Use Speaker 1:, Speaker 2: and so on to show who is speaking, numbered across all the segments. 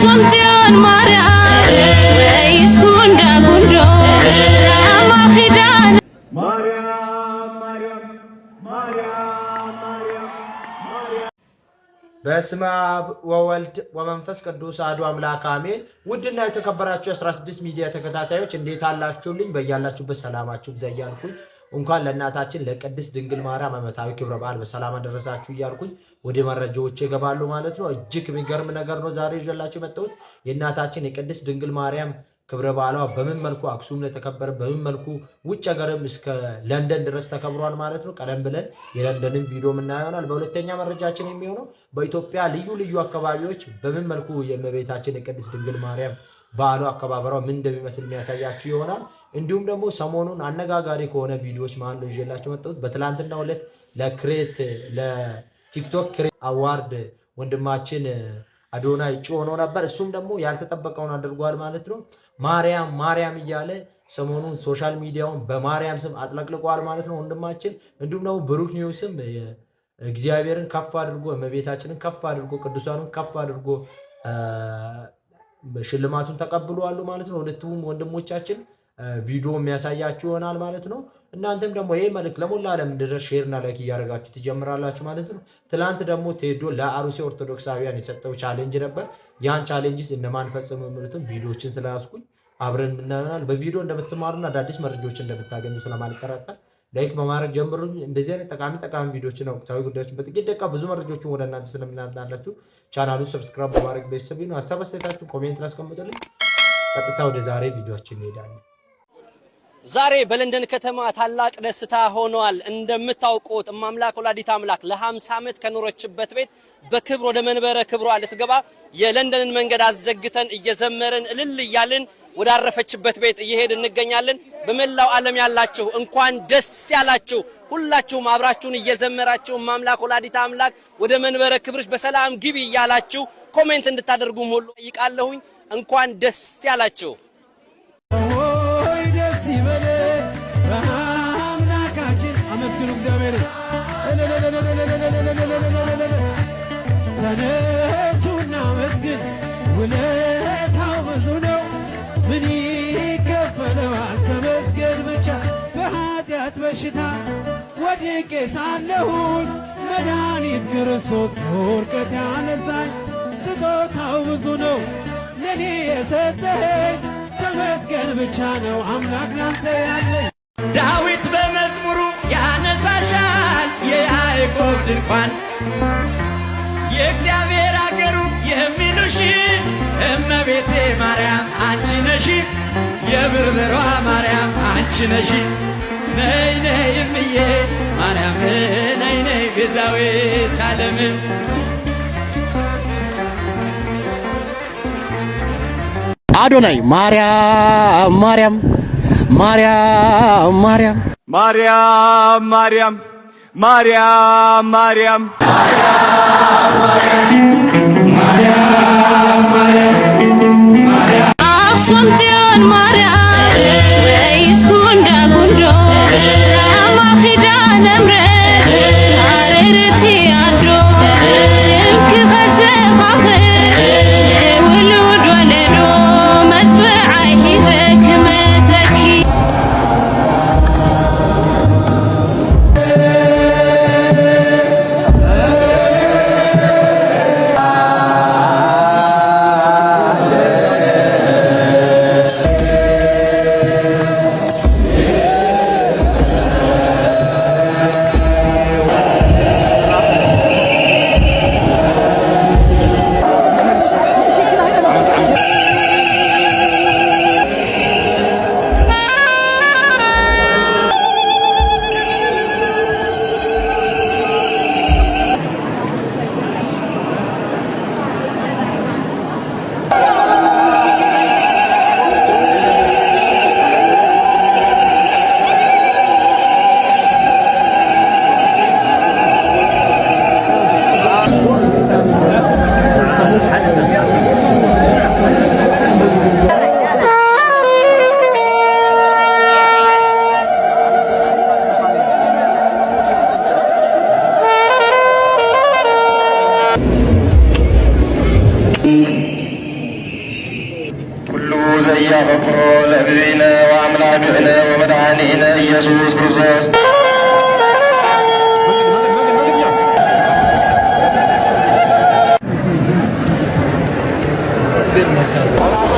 Speaker 1: አክሱም
Speaker 2: በስመ አብ ወወልድ ወመንፈስ ቅዱስ አሐዱ አምላክ አሜን። ውድና የተከበራችሁ የ16 ሚዲያ ተከታታዮች እንዴት አላችሁልኝ? በያላችሁበት ሰላማችሁ ይብዛ እያልኩኝ እንኳን ለእናታችን ለቅድስት ድንግል ማርያም ዓመታዊ ክብረ በዓል በሰላም አደረሳችሁ እያልኩኝ ወደ መረጃዎች ይገባሉ ማለት ነው። እጅግ የሚገርም ነገር ነው ዛሬ ይዤላችሁ የመጣሁት የእናታችን የቅድስት ድንግል ማርያም ክብረ በዓሏ በምን መልኩ አክሱም ላይ ተከበረ፣ በምን መልኩ ውጭ ሀገርም እስከ ለንደን ድረስ ተከብሯል ማለት ነው። ቀደም ብለን የለንደንን ቪዲዮ የምናየው ይሆናል። በሁለተኛ መረጃችን የሚሆነው በኢትዮጵያ ልዩ ልዩ አካባቢዎች በምን መልኩ የእመቤታችን የቅድስት ድንግል ማርያም በዓሉ አከባበሯ ምን እንደሚመስል የሚያሳያችሁ ይሆናል። እንዲሁም ደግሞ ሰሞኑን አነጋጋሪ ከሆነ ቪዲዮዎች መሀል ነው ይዤላችሁ መጣሁት። በትላንትና ዕለት ለክሬት ለቲክቶክ ክሬት አዋርድ ወንድማችን አዶናይ ሆኖ ነበር። እሱም ደግሞ ያልተጠበቀውን አድርጓል ማለት ነው። ማርያም ማርያም እያለ ሰሞኑን ሶሻል ሚዲያውን በማርያም ስም አጥለቅልቋል ማለት ነው ወንድማችን። እንዲሁም ደግሞ ብሩክ ኒውስም እግዚአብሔርን ከፍ አድርጎ እመቤታችንን ከፍ አድርጎ ቅዱሳኑን ከፍ አድርጎ ሽልማቱን ተቀብለዋል ማለት ነው። ሁለቱም ወንድሞቻችን ቪዲዮ የሚያሳያችሁ ይሆናል ማለት ነው። እናንተም ደግሞ ይህ መልክ ለሞላ ዓለም ድረስ ሼርና ላይክ እያደረጋችሁ ትጀምራላችሁ ማለት ነው። ትላንት ደግሞ ቴዶ ለአሩሴ ኦርቶዶክሳውያን የሰጠው ቻሌንጅ ነበር። ያን ቻሌንጅስ እነማን ፈጸሙ የሚሉትን ቪዲዮችን ስለያዝኩኝ አብረን እናሆናል። በቪዲዮ እንደምትማሩና አዳዲስ መረጃዎች እንደምታገኙ ስለማልጠራጠር ላይክ በማድረግ ጀምሩ። እንደዚህ አይነት ጠቃሚ ጠቃሚ ነው ወቅታዊ ጉዳዮችን በጥቂት ደቂቃ ብዙ መረጃዎችን ወደ እናንተ ስለምናላችሁ ቻናሉ ሰብስክራይብ በማድረግ ቤተሰብ ነው። ሀሳብ አስተያየታችሁን ኮሜንት ላስቀምጡልኝ። ቀጥታ ወደ ዛሬ ቪዲዮችን እንሄዳለን።
Speaker 3: ዛሬ በለንደን ከተማ ታላቅ ደስታ ሆኗል። እንደምታውቁት እማምላክ ወላዲት አምላክ ለ50 ዓመት ከኖረችበት ቤት በክብር ወደ መንበረ ክብሯ ልትገባ የለንደንን መንገድ አዘግተን እየዘመርን እልል እያልን ወዳረፈችበት ቤት እየሄድ እንገኛለን። በመላው ዓለም ያላችሁ እንኳን ደስ ያላችሁ። ሁላችሁም አብራችሁን እየዘመራችሁ ማምላክ ወላዲታ አምላክ ወደ መንበረ ክብርሽ በሰላም ግቢ እያላችሁ ኮሜንት እንድታደርጉም ሁሉ ጠይቃለሁኝ። እንኳን ደስ ያላችሁ።
Speaker 1: ሆይ እግዚአብሔር ወድቄ ሳለሁኝ መድኃኒት ክርስቶስ ከውድቀት ያነሳኝ ስጦታው ብዙ ነው ለኔ የሰጠኸኝ ተመስገን ብቻ ነው አምላክ ላንተ ያለ
Speaker 4: ዳዊት በመዝሙሩ ያነሳሻል የያዕቆብ ድንኳን የእግዚአብሔር አገሩ የሚሉሽ እመቤቴ ማርያም አንቺ ነሽ የብርበሯ ማርያም አንቺ ነሽ ነይ ነይ እምዬ ማርያም ነይ ነይ ቤዛዊት ዓለም
Speaker 2: አዶናይ ማርያም ማርያም ማርያም ማርያም
Speaker 5: ማርያም ማርያም ማርያም
Speaker 6: ማርያም
Speaker 1: አክሱም ጽዮን ማርያም alem
Speaker 7: كله زي غفور نبينا وأملاكنا ومدعانينا يسوس كريستوس Thank you.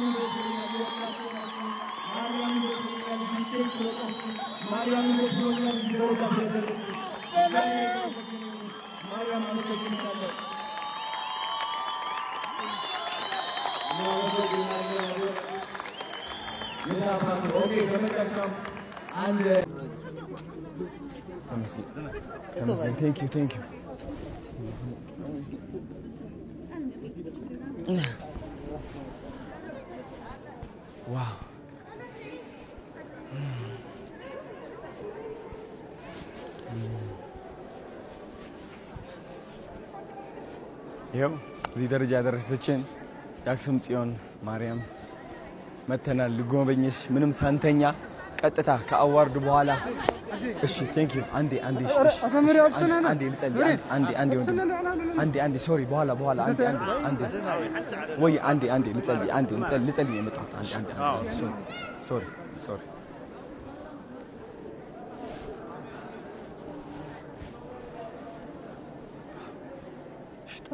Speaker 8: Okay, and uh,
Speaker 9: Honestly. Honestly. Thank you, thank you. ዋው mm. ይኸው እዚህ ደረጃ ያደረሰችን የአክሱም ጽዮን ማርያም መተናል። ልጎበኘሽ ምንም ሳንተኛ ቀጥታ ከአዋርድ በኋላ እሺ ቴንክ ዩ። አንዴ አንዴ አንዴ አንዴ ሶሪ፣ በኋላ በኋላ አንዴ አንዴ ወይ አንዴ አንዴ ልጸልይ አንዴ ልጸልይ የመጣሁት አንዴ አንዴ ሶሪ ሶሪ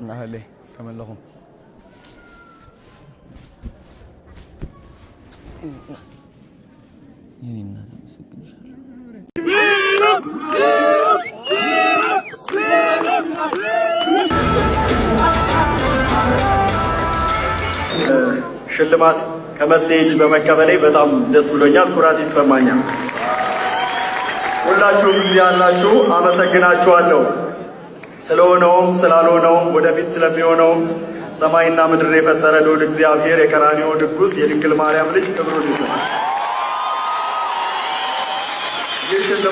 Speaker 9: ጠናህ ላይ ከመለኹም የኔ እናት አመሰግንሻለሁ።
Speaker 10: ሽልማት ከመሴጅ በመቀበሌ በጣም ደስ ብሎኛል፣ ኩራት ይሰማኛል። ሁላችሁም እዚህ ያላችሁ አመሰግናችኋለሁ። ስለሆነውም ስላልሆነውም ወደፊት ስለሚሆነውም ሰማይና ምድር የፈጠረ ልዑል እግዚአብሔር የቀራንዮ ንጉሥ የድንግል ማርያም ልጅ ክብሩን ይስጥ።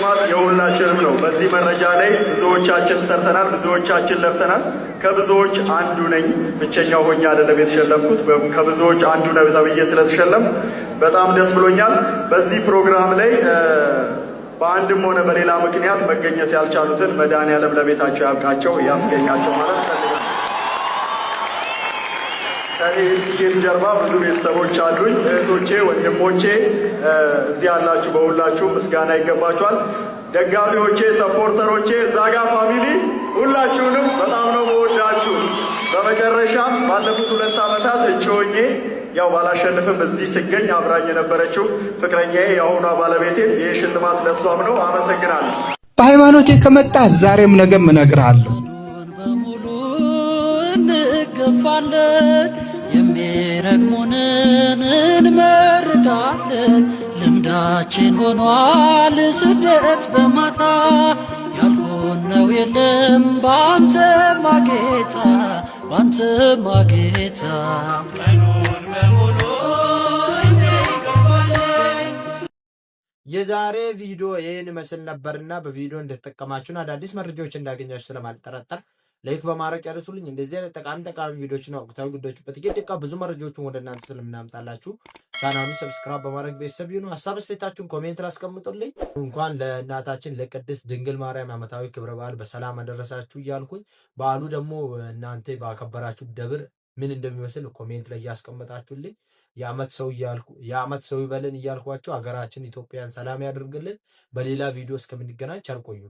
Speaker 10: ልማት የሁላችንም ነው። በዚህ መረጃ ላይ ብዙዎቻችን ሰርተናል፣ ብዙዎቻችን ለፍተናል። ከብዙዎች አንዱ ነኝ። ብቸኛው ሆኜ አይደለም የተሸለምኩት። ከብዙዎች አንዱ ነው ተብዬ ስለተሸለም በጣም ደስ ብሎኛል። በዚህ ፕሮግራም ላይ በአንድም ሆነ በሌላ ምክንያት መገኘት ያልቻሉትን መድኃኔዓለም ለቤታቸው ያብቃቸው፣ ያስገኛቸው ማለት ከኤልሲጌም ጀርባ ብዙ ቤተሰቦች አሉኝ። እህቶቼ፣ ወንድሞቼ እዚህ ያላችሁ በሁላችሁ ምስጋና ይገባችኋል። ደጋፊዎቼ፣ ሰፖርተሮቼ፣ ዛጋ ፋሚሊ፣ ሁላችሁንም በጣም ነው በወዳችሁ። በመጨረሻም ባለፉት ሁለት ዓመታት እጩ ሆኜ ያው ባላሸንፍም እዚህ ስገኝ አብራኝ የነበረችው ፍቅረኛዬ የአሁኗ ባለቤቴም ይህ ሽልማት ለሷም ነው። አመሰግናለሁ።
Speaker 11: በሃይማኖቴ ከመጣ ዛሬም ነገም እነግርሃለሁ።
Speaker 12: ልምዳችን ሆኗል ስደት በማታ ያልሆነው የለም ባንተ ማጌታ ባንተ ማጌታ
Speaker 13: ቀኑን በሙሉ
Speaker 14: የዛሬ ቪዲዮ ይህን መስል ነበርና በቪዲዮ እንደተጠቀማችሁን አዳዲስ መረጃዎች እንዳገኛችሁ ስለማልጠረጠር ላይክ በማድረግ ጨርሱልኝ። እንደዚህ አይነት ጠቃሚ ጠቃሚ ቪዲዮዎችን ወቅታዊ ጉዳዮች በጥቂት ደቂቃ ብዙ መረጃዎችን ወደ እናንተ ስለምናምጣላችሁ ቻናሉን ሰብስክራይብ በማድረግ ቤተሰብ ይሁኑ። ሀሳብ ስሌታችሁን ኮሜንት አስቀምጡልኝ። እንኳን ለእናታችን ለቅድስት ድንግል ማርያም ዓመታዊ ክብረ በዓል በሰላም አደረሳችሁ እያልኩኝ በዓሉ ደግሞ እናንተ ባከበራችሁ ደብር ምን እንደሚመስል ኮሜንት ላይ እያስቀመጣችሁልኝ የዓመት ሰው ይበልን እያልኳቸው ሀገራችን ኢትዮጵያን ሰላም ያደርግልን። በሌላ ቪዲዮ እስከምንገናኝ ቸር ቆዩ።